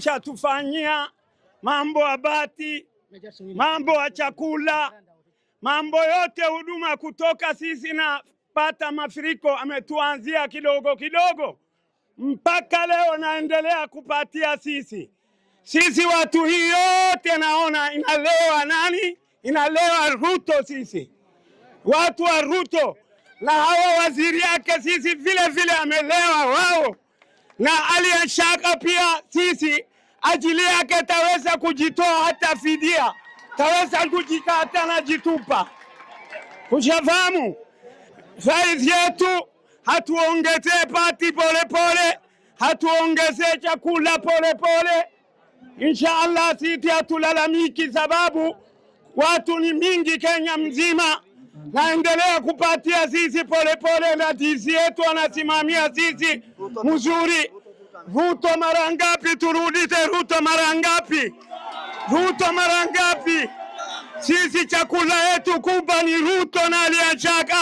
Shatufanyia mambo ya bati, mambo ya chakula, mambo yote huduma kutoka sisi na pata mafiriko ametuanzia kidogo kidogo mpaka leo naendelea kupatia sisi sisi watu. Hii yote naona inalewa nani? Inalewa Ruto. Sisi watu wa Ruto na hawa waziri yake sisi vile vile amelewa wao na aliyeshaka pia sisi ajili yake taweza kujitoa hata fidia, taweza kujikata na jitupa. Ushafahamu faidhi yetu, hatuongezee pati polepole, hatuongezee chakula polepole. Insha Allah sisi hatulalamiki, sababu watu ni mingi Kenya mzima naendelea kupatia sisi polepole, na DC yetu anasimamia sisi mzuri. Ruto mara ngapi? Turudite Ruto mara ngapi? Ruto mara ngapi? Sisi chakula yetu kubwa ni Ruto na aliachaka